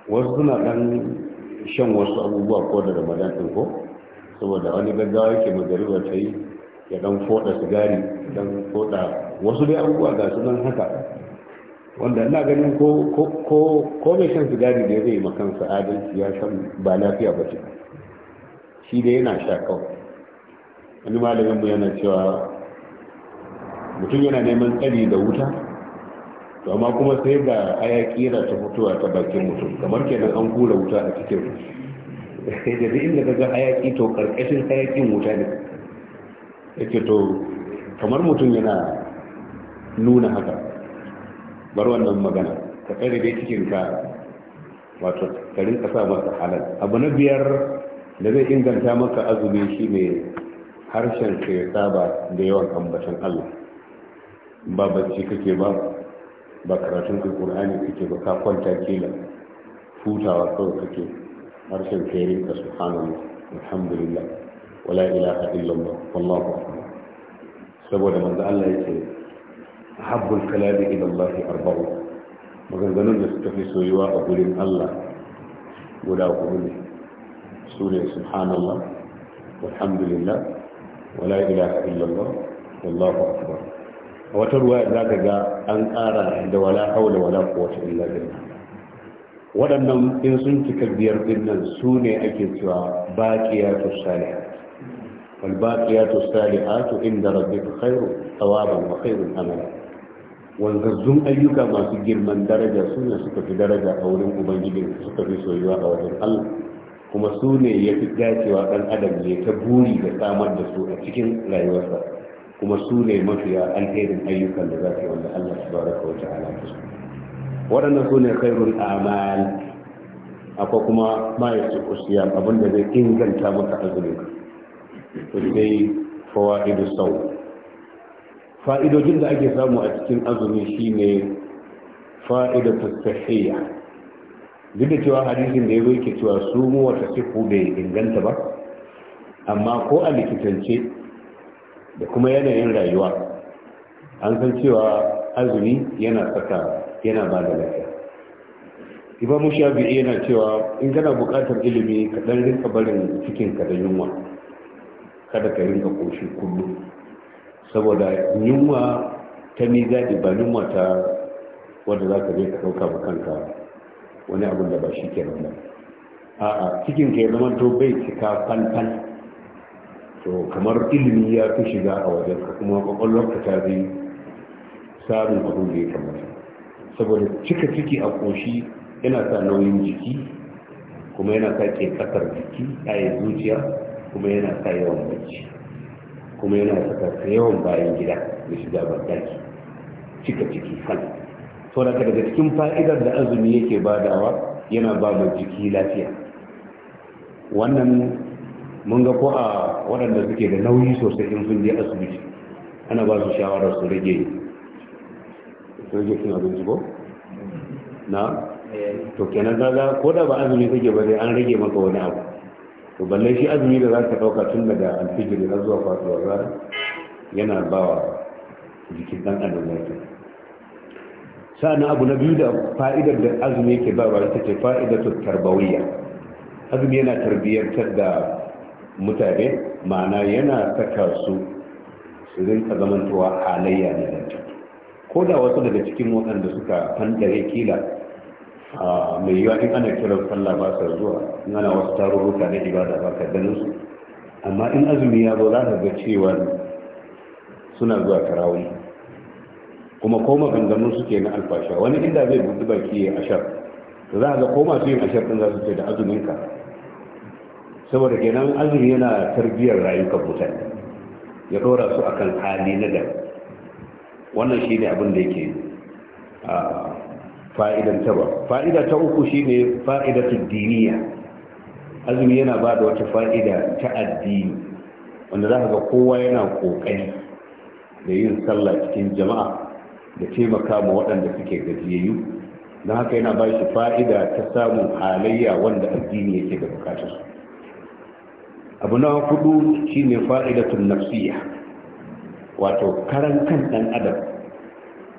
wasu suna ɗan shan wasu abubuwa ko da ramadan ɗin ko saboda wani gaggawa yake magariba ta yi ya dan foda sigari dan foda wasu dai abubuwa ga su nan haka wanda ina ganin ko ko ko mai shan sigari da zai makan sa adalci ya san ba lafiya ba ce shi dai yana sha kawai wani malamin mu yana cewa mutum yana neman tsari da wuta to amma kuma sai ga hayaki yana ta mutuwa ta bakin mutum kamar kenan an hura wuta a cikin eh, da duk inda ga hayaki to karkashin hayakin wuta ne yake to kamar mutum yana nuna haka bar wannan magana ka tsare dai cikin ka wato ka rinka sa masa halal abu na biyar da zai inganta maka azumi shi ne harshen ka ya saba da yawan ambatan Allah ba bacci kake ba ba karatun alkur'ani kake ba ka kwanta kila hutawa kawai kake harshen kairin ka subhanallah alhamdulillah wala ilaha illallah wallahu akbar saboda manzo Allah yake habbul kalami ila Allah arba'u maganganun da suka fi soyuwa a gurin Allah guda huɗu ne su subhanallah walhamdulillah wala ilaha illallah wallahu akbar a wata ruwa za ka ga an ƙara da wala hau da wala kowace illa billah waɗannan in sun cika biyar dinnan su ne ake cewa baqiyatu salihat wal baqiyatu salihatu inda rabbika khairu tsawaban wa khairun amala wanzazzun ayyuka masu girman daraja su ne suka fi daraja a wurin ubangiji suka fi soyuwa a wajen Allah kuma su ne ya fi dacewa ɗan adam ne ta buri da samar da su a cikin rayuwarsa kuma su ne mafiya alherin ayyukan da za su yi wanda Allah subhanahu wa wata ya so waɗannan su ne khairul amal akwai kuma ma'aikacin kusiya abinda zai inganta maka azumin to sai fawaidu sau fa'idojin da ake samu a cikin azumi shine fa'ida tasahiyya duk da cewa hadisin da ya zoke cewa su mu wata siku bai inganta ba amma ko a likitance da kuma yanayin rayuwa an san cewa azumi yana saka yana ba da lafiya imamu shafi'i yana cewa in kana buƙatar ilimi ka dan rinka barin cikin ka da yunwa kada ka rinka koshi kullum saboda yunwa ta mizadi ba yunwa ta wanda za ka je ka ɗauka ba kanka wani abu da ba shi ke nan ba a'a cikin ka ya zama to bai cika fantan to kamar ilimi ya fi shiga a wajen ka kuma kwakwalwarka ta zai samun abin da ya kamata saboda cika ciki a koshi yana sa nauyin jiki kuma yana sa ke kasar jiki a zuciya kuma yana sa yawan bacci kuma yana sa saka yawan bayan gida da shiga bandaki cika ciki kan to daga daga cikin fa'idar da azumi yake badawa yana ba jiki lafiya wannan mun ga ko a waɗanda suke da nauyi sosai in sun je asibiti ana ba su shawarar su rage su rage cin abinci ko na to kenan kaga ko da ba azumi take ba dai an rage maka wani abu to balle shi azumi da za ka ɗauka tun daga alfijiri har zuwa faɗuwar rana yana ba wa jikin ɗan adam lafiya sa'annan abu na biyu da fa'idar da azumi yake ba ba ita ce fa'idar tarbawiyya azumi yana tarbiyyantar da mutane ma'ana yana saka su su rinka zamantowa halayya ne da ko da wasu daga cikin waɗanda suka fandare kila mai yiwa in ana kiran sallah ba sa zuwa in ana wasu tarurruka na ibada ba ka ganin su amma in azumi ya zo za ka ga cewa suna zuwa tarawih kuma ko maganganun suke na alfasha wani inda zai buɗi baki ya ashar za a ga koma masu yin ashar ɗin za su ce da azuminka saboda kenan azumi yana tarbiyyar rayukan mutane ya dora su akan hali na da wannan shi ne abin da yake fa'idan ta fa'ida ta uku shi ne ta diniya azumi yana ba da wata fa'ida ta addini wanda za ga kowa yana kokari da yin sallah cikin jama'a da taimaka ma waɗanda suke gajiyayyu don haka yana ba shi fa'ida ta samun halayya wanda addini yake da bukatar abu na hudu shine fa'idatun nafsiya wato karan kan ɗan adam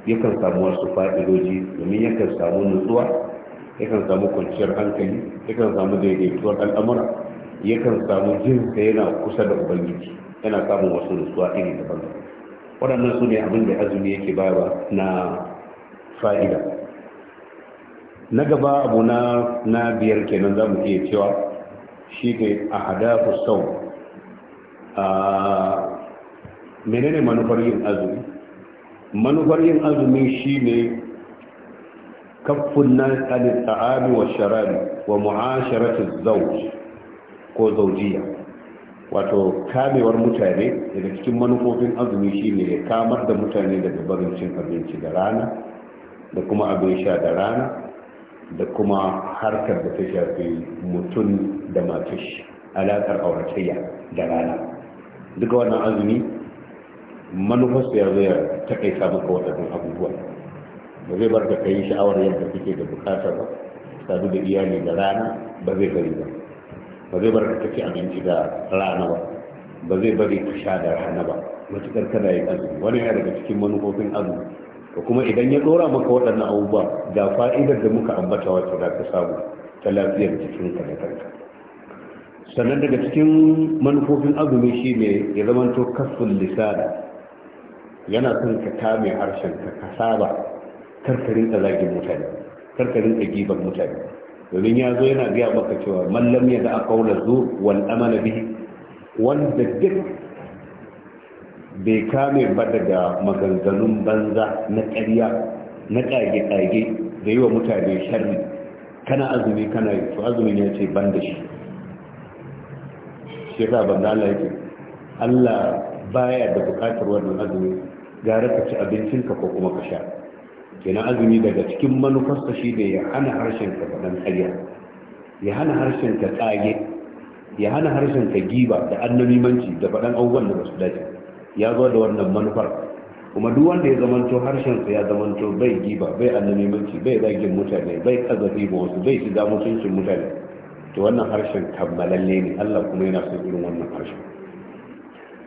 yakan samu wasu fa'idoji domin yakan samu nutsuwa yakan samu kwanciyar hankali yakan samu daidaituwar al'amura yakan samu jin ka yana kusa da ubangiji yana samun wasu nutsuwa iri daban waɗannan su ne abin da azumi yake bayarwa na fa'ida na gaba abu na biyar kenan za mu iya cewa shi ne a hadafu sau menene manufar yin azumi manufar yin azumi shi ne kafin na tsanin wa sharari wa mu'asharatin zauj ko zaujiya wato kamewar mutane daga cikin manufofin azumi shi ne ya kamar da mutane daga barin cin abinci da rana da kuma abin sha da rana da kuma harkar da ta shafi mutum da matashi alaƙar auratayya da rana duka wannan azumi manufarsa ya zo ya taƙaita maka waɗannan abubuwa ba zai bar da yi sha'awar yadda kake da bukatar ba sadu da iyali da rana ba zai bari ba ba zai bar da kake abinci da rana ba ba zai bari ka sha da rana ba matuƙar kana azumi wani yana daga cikin manufofin azumi to kuma idan ya dora maka waɗannan abubuwa da fa'idar da muka ambata wacce za ka samu ta lafiyar jikinka da kanka sannan daga cikin manufofin azumi shi ne ya zamanto kasfin lisani yana son ka kame harshen ka ka saba karkarin da zagin mutane karkarin da giban mutane domin ya zo yana biya maka cewa mallam ya da a zu wal amana bihi wanda duk bai kame ba daga maganganun banza na ƙarya na ƙage-ƙage da yi wa mutane sharri kana azumi kana yi to azumi ya ce ban da shi shi ban da Allah yake Allah baya da buƙatar wannan azumi gara ka ci abincinka ko kuma ka sha kenan azumi daga cikin manufarsa shi ne ya hana harshen ka faɗan ƙarya ya hana harshen ka ya hana harshen ka giba da annabimanci da faɗan abubuwan da ba su dace ya zo da wannan manufar kuma duk wanda ya zamanto harshensa ya zamanto bai giba bai mulki bai zagin mutane bai kazafi ba wasu bai shiga mutuncin mutane to wannan harshen kammalalle ne Allah kuma yana son irin wannan harshen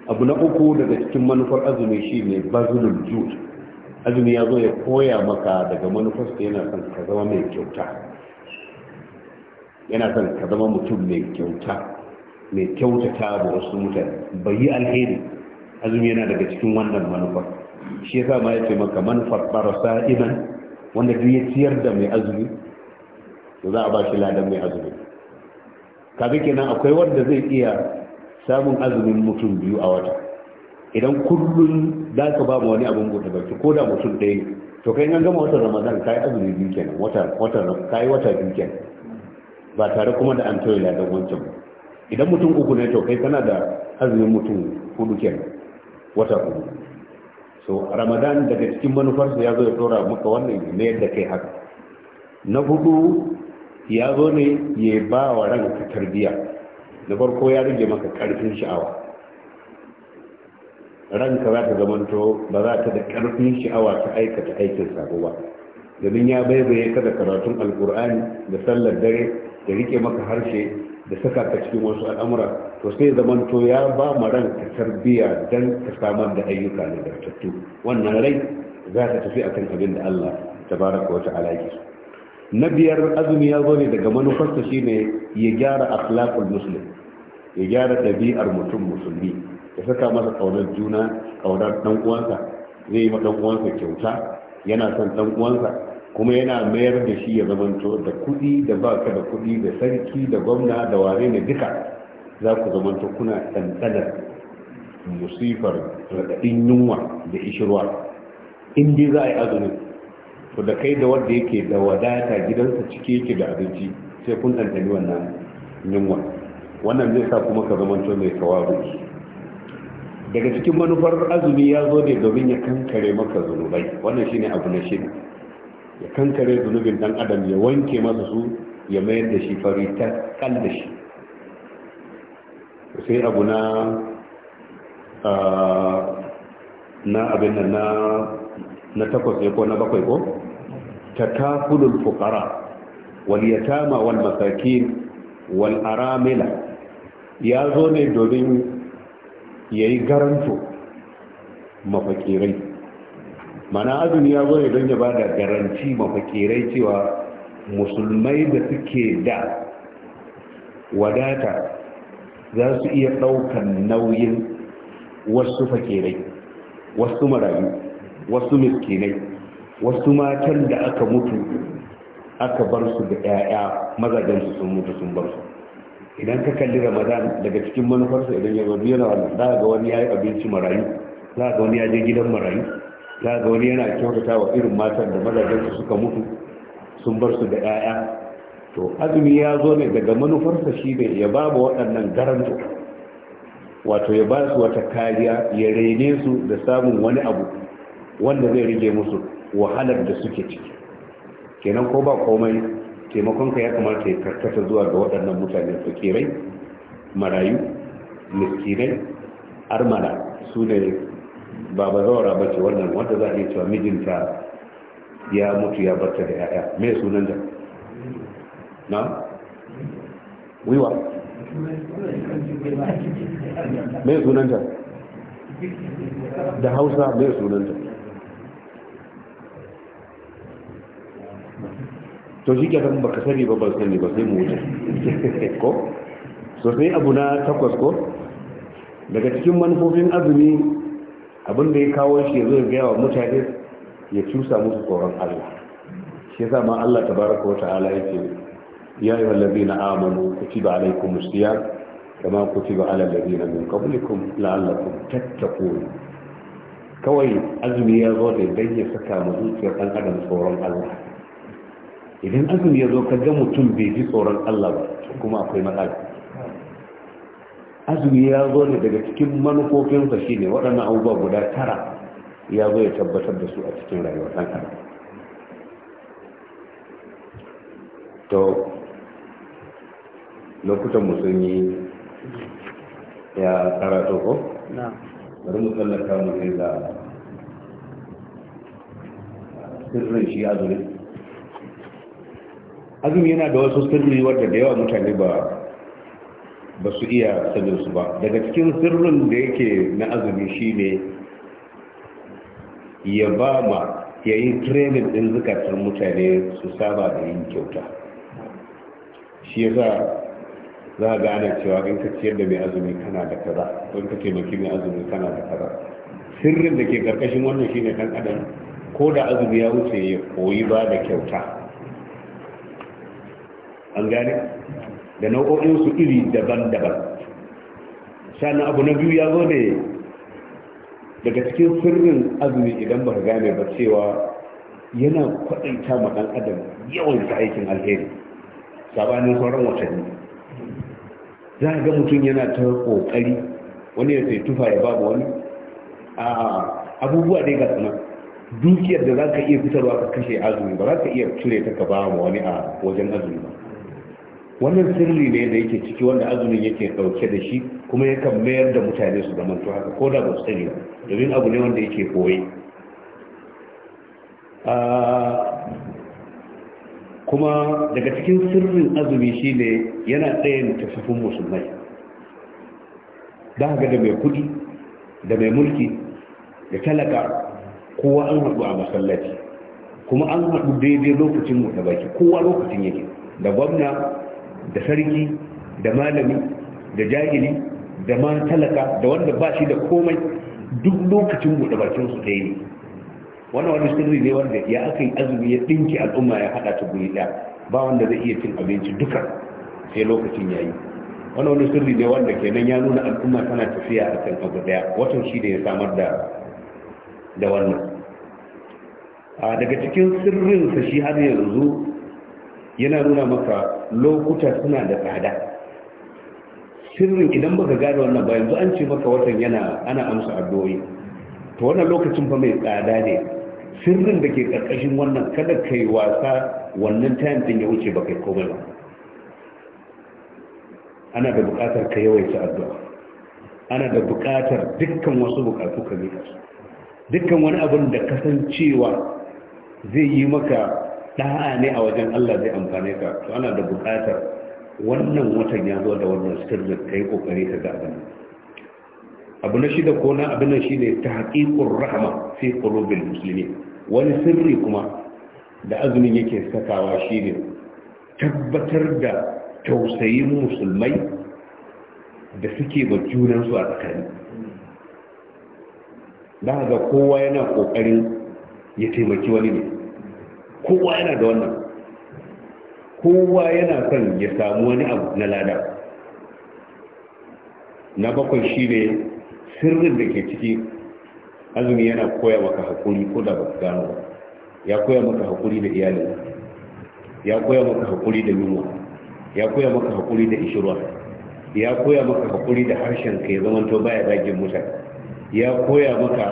abu na uku daga cikin manufar azumi shine bazulul jud azumi ya zo ya koya maka daga sa yana son ka zama mai kyauta yana son ka zama mutum mai kyauta mai kyautata da wasu mutane bai yi alheri azumi yana daga cikin wannan manufar shi yasa ma yace maka manufar barasa iman wanda duk ya ciyar da mai azumi to za a ba shi ladan mai azumi kaga kenan akwai wanda zai iya samun azumin mutum biyu a wata idan kullum za ka ba wani abin bude ba ko da mutum ɗaya to kai an gama watan ramadan ka yi azumi biyu kenan wata wata ka yi wata biyu kenan ba tare kuma da an tawila ladan wancan ba idan mutum uku ne to kai kana da azumin mutum hudu kenan wata hudu so ramadan daga cikin manufarsa ya zo ya dora maka wannan ne yadda kai haka na hudu ya zo ne ya ba wa ranka tarbiya na farko ya rage maka karfin sha'awa ranka za ta zamanto ba za ta da karfin sha'awa ta aikata aikin sabo ba domin ya bai ka da karatun alkur'ani da sallar dare da rike maka harshe da saka ka cikin wasu al'amura to sai zamanto ya ba mu ka tarbiya dan ka samar da ayyuka da tattu. wannan rai za ta tafi akan abin da Allah tabaraka wa ta'ala yake na biyar azumi ya zo ne daga manufarsa shine ya gyara akhlaqul muslim ya gyara ɗabi'ar mutum musulmi ya saka masa ƙaunar juna kaunar ɗan uwansa zai yi ma dan uwansa kyauta yana son ɗan uwansa kuma yana mayar da shi ya zamanto da kuɗi da baka da kuɗi da sarki da gwamna da ware ne duka za ku zamanto kuna ɗanɗanar musifar raɗaɗin yunwa da ishirwa in dai za a yi azumin to da kai da wanda yake da wadata gidansa cike yake da abinci sai kun ɗanɗani wannan yunwa wannan zai sa kuma ka zamanto mai tawaruki daga cikin manufar azumi ya zo ne domin ya kankare maka zunubai wannan shine abu na shida ya kankare zunubin dan adam ya wanke masa su ya mayar da shi fari ta kan da shi sai abu na na abin da na takwas ne ko na bakwai ko ta kafulul fukara wal yatama wal masakin wal aramila ya zo ne domin ya yi garanto mafakirai mana azumi ya zo don ya ba da garanti mafakirai cewa musulmai da suke da wadata za su iya ɗaukan nauyin wasu fakirai wasu marayu wasu miskinai wasu matan da aka mutu aka bar su da 'ya'ya mazajensu sun mutu sun bar su idan ka kalli ramadan daga cikin manufarsa idan ya zo yana za ga wani ya yi abinci marayu za ga wani ya je gidan marayu ta ga wani yana kyautata wa irin matan da mazajensu suka mutu sun bar su da 'ya'ya to azumi ya zo ne daga manufarsa shi ne ya ba ba waɗannan garanto wato ya ba su wata kariya ya rene su da samun wani abu wanda zai rige musu wahalar da suke ciki kenan ko ba komai taimakonka ya kamata ya karkata zuwa ga waɗannan mutane fakirai marayu miskinai armana, su ne ba ba zaura ba ce wannan wanda za a yi cewa mijinta ya mutu ya barta da 'ya'ya mai sunan da na wiwa mai sunan da da hausa mai sunan da to shi ba baka sani ba ba sani ba sai mu wuce ko so sai abu na takwas ko daga cikin manufofin azumi abin da ya kawo shi ya zo ya gaya wa mutane ya cusa musu tsoron Allah shi yasa ma Allah tabaraka wa ta'ala yake ya ayyuhal ladina amanu kutiba alaykumus siyam kama kutiba alal ladina min qablikum la'allakum tattaqun kawai azumi ya zo da dan ya saka mu zuciyar dan adam tsoron Allah idan azumi ya zo ka ga mutum bai ji tsoron Allah ba kuma akwai matsala azumi ya zo ne daga cikin manufofinsa shine waɗannan abubuwa guda tara ya zo ya tabbatar da su a cikin rayuwar ɗan adam to lokutan musulmi ya karatu ko? bari mu tsallaka mu ne da sirrin shi azumi azumi yana da wasu sirri wadda da yawa mutane ba ba su iya sanin su ba daga cikin sirrin da yake na azumi shine ya ba ma ya yi training din zukatar mutane su saba da yin kyauta shi yasa za ga ana cewa in ka ciyar da mai azumi kana da kaza in ka taimaki mai azumi kana da kaza sirrin da ke karkashin wannan shine kan adam ko da azumi ya wuce ya koyi ba da kyauta an gane da nau'o'in su iri daban-daban sannan abu na biyu ya zo ne daga cikin sirrin azumi idan ba gane ba cewa yana kwaɗaita ma ɗan adam yawan aikin alheri sabanin sauran watanni za ga mutum yana ta ƙoƙari wani ya sai tufa ya babu wani a abubuwa dai ga sanar dukiyar da za ka iya fitarwa ka kashe azumi ba za ka iya cire ta ka ba wani a wajen azumi ba wannan sirri ne da yake ciki wanda azumin yake dauke da shi kuma yakan mayar da mutane su zaman to haka ko da ba su sani ba domin abu ne wanda yake koyi ah, kuma daga cikin sirrin azumi shi ne yana ɗayan tafafin musulmai da haka da mai kudi da mai mulki da talaka kowa an haɗu a masallaci kuma an haɗu daidai lokacin mu baki kowa lokacin yake da gwamna da sarki da malami da jahili da ma talaka da wanda ba shi da komai duk lokacin buɗe bakin su yi ne wannan wani sirri ne wanda ya aka yi azumi ya ɗinki al'umma ya haɗa ta guri ɗaya ba wanda zai iya cin abinci duka sai lokacin ya yi wannan wani sirri ne wanda kenan ya nuna al'umma tana tafiya a kan abu ɗaya watan shi da ya samar da da wannan a daga cikin sirrinsa shi har yanzu yana nuna maka lokuta suna da tsada sirrin idan baka gane wannan ba yanzu an ce maka watan yana ana amsa addu'o'i to wannan lokacin fa mai tsada ne sirrin da ke karkashin wannan kada kai wasa wannan tayin din ya wuce baka komai ba ana da buƙatar ka yawaita addu'a ana da buƙatar dukkan wasu buƙatu ka yi dukkan wani abin da kasancewa zai yi maka da'a ne a wajen Allah zai amfane ka to ana da buƙatar wannan watan ya zo da wannan sirrin kai kokari ka ga abin abu na da ko na abin nan shine tahqiqur rahma fi qulubil muslimin wani sirri kuma da azumin yake sakawa shine tabbatar da tausayin musulmai da suke ba su a tsakani da ga kowa yana kokarin ya taimaki wani ne kowa yana da wannan kowa yana son ya samu wani abu na lada na bakwai shi ne sirrin da ke ciki azumi yana koya maka haƙuri ko da baka gano ba ya koya maka haƙuri da iyalin ya koya maka haƙuri da yunwa ya koya maka haƙuri da ishirwa ya koya maka haƙuri da harshen ka ya zamanto baya dagin mutane ya koya maka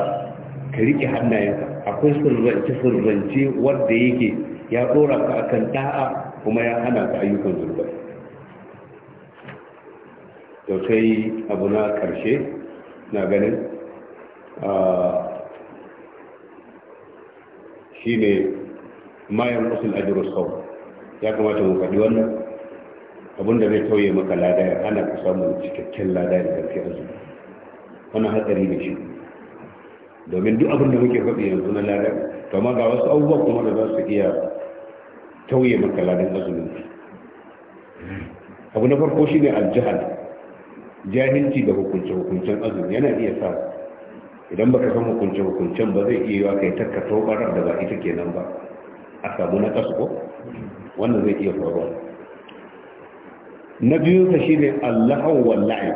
ka riƙe hannayenka akwai sulbance sulbance wanda yake ya dora ka akan da'a kuma ya hana ka ayyukan zulbai to sai abu na karshe na ganin shi ne mayan usul ajiyar sau ya kamata mu faɗi wannan abinda zai tauye maka lada ya hana ka samun cikakken lada da ƙarfi azumi wani hatsari ne shi domin duk abin da muke faɗi yanzu na to kama ga wasu abubuwa kuma da za su iya tauye maka ladan azumin abu na farko shi ne aljihar jahilci da hukunce-hukuncen azumi yana iya sa idan baka san hukunce-hukuncen ba zai iya yi kai takka tsobarar da ba ita kenan ba a samu na kasko wannan zai iya faruwa na biyu ta shi ne allahawar la'in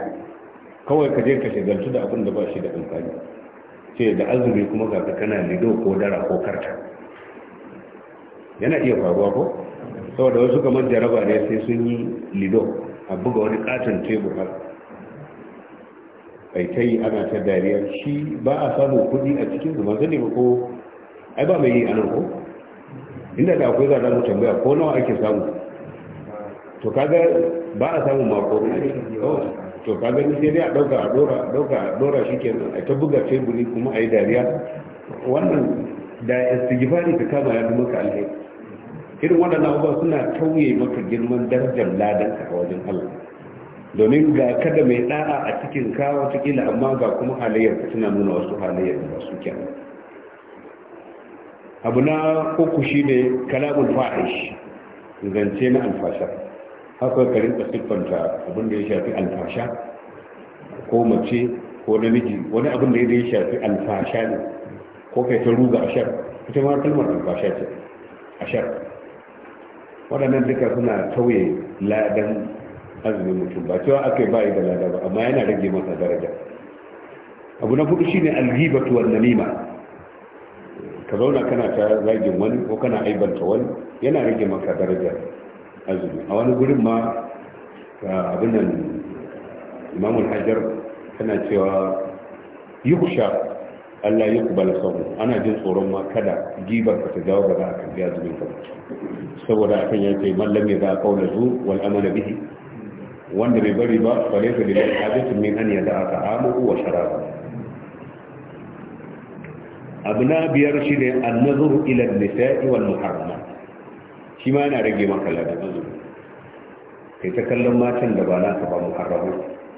kawai ka je ka shigaltu da abin da ba shi da amfani ce da azumi kuma ga ka kana lido ko dara ko karta yana iya faruwa ko saboda wasu kamar jaraba ne sai sun yi lido a buga wani katon tebur har bai ta yi ana ta dariya shi ba a samu kudi a cikin zuma zane ba ko ai ba mai yi anan ko inda da akwai zaɗa mutum baya ko nawa ake samu to kaga ba a samun mako ne to ka gani sai dai a ɗauka a ɗora a ɗauka a ɗora shi kenan a ta buga teburi kuma a yi dariya wannan da istighfari ka kama ya fi maka alheri irin waɗannan abubuwa suna tauye maka girman darajar ka a wajen Allah domin ga kada mai da'a a cikin ka watakila amma ga kuma halayyar ka suna nuna wasu halayyar da su ke abu na uku shi ne kalamun fa'ish zance na alfashar haka karin da siffanta abin da ya shafi alfasha ko mace ko namiji wani abin da ya shafi alfasha ne ko kai ta ruga ashar ita ma kalmar alfasha ce ashar waɗannan duka suna tauye ladan azumin mutum ba cewa aka ba da lada ba amma yana rage masa daraja abu na hudu shine alhibatu wan namima ka zauna kana ta zagin wani ko kana aibanta wani yana rage maka daraja azumi a wani gurin ma abin nan imamul hajjar tana cewa yi kusha Allah ya kubala sabu ana jin tsoron ma kada gibar ka ta dawo gaba a kan jazumin ka saboda akan ya ce mallam ya za a kaula zu wal amala bihi wanda bai bari ba fa laysa lillahi hajatun min an yada'a ta'amuhu wa sharabu abu na biyar shine an-nazuru ila an-nisa'i wal muharramat shi ma yana rage maka ladan azumi kai ta kallon matan da ba na ka ba muharramu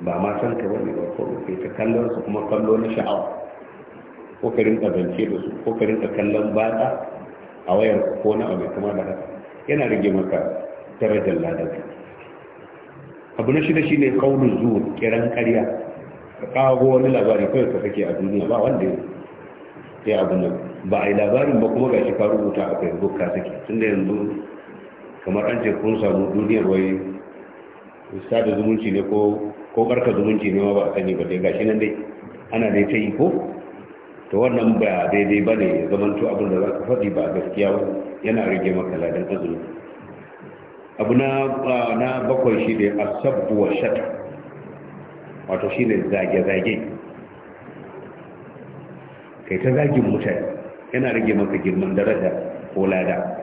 ba matan ka wani ba ko kai ta kallon su kuma kallo na sha'awa ko ka rinka zance da su ko ka rinka kallon bata a wayar ko na abu kuma da haka yana rage maka darajar ladan abu na shida shine kaulu zuwa kiran karya ka kawo wani labari kawai ka kake a duniya ba wanda ya abu nan ba a yi labarin ba kuma gashi ka rubuta a zuwa ka sake tunda yanzu kamar an ce kun samu duniyar wai sada zumunci ne ko ko barka zumunci ne ma ba a sani ba dai gashi nan dai ana dai ta yi ko to wannan ba daidai ba ne to abin da za ka faɗi ba gaskiya ba yana rage maka ladan azumi abu na na bakwai shi ne asabbu wa shata wato shi ne zage-zage kai ta zagin mutane yana rage maka girman daraja ko lada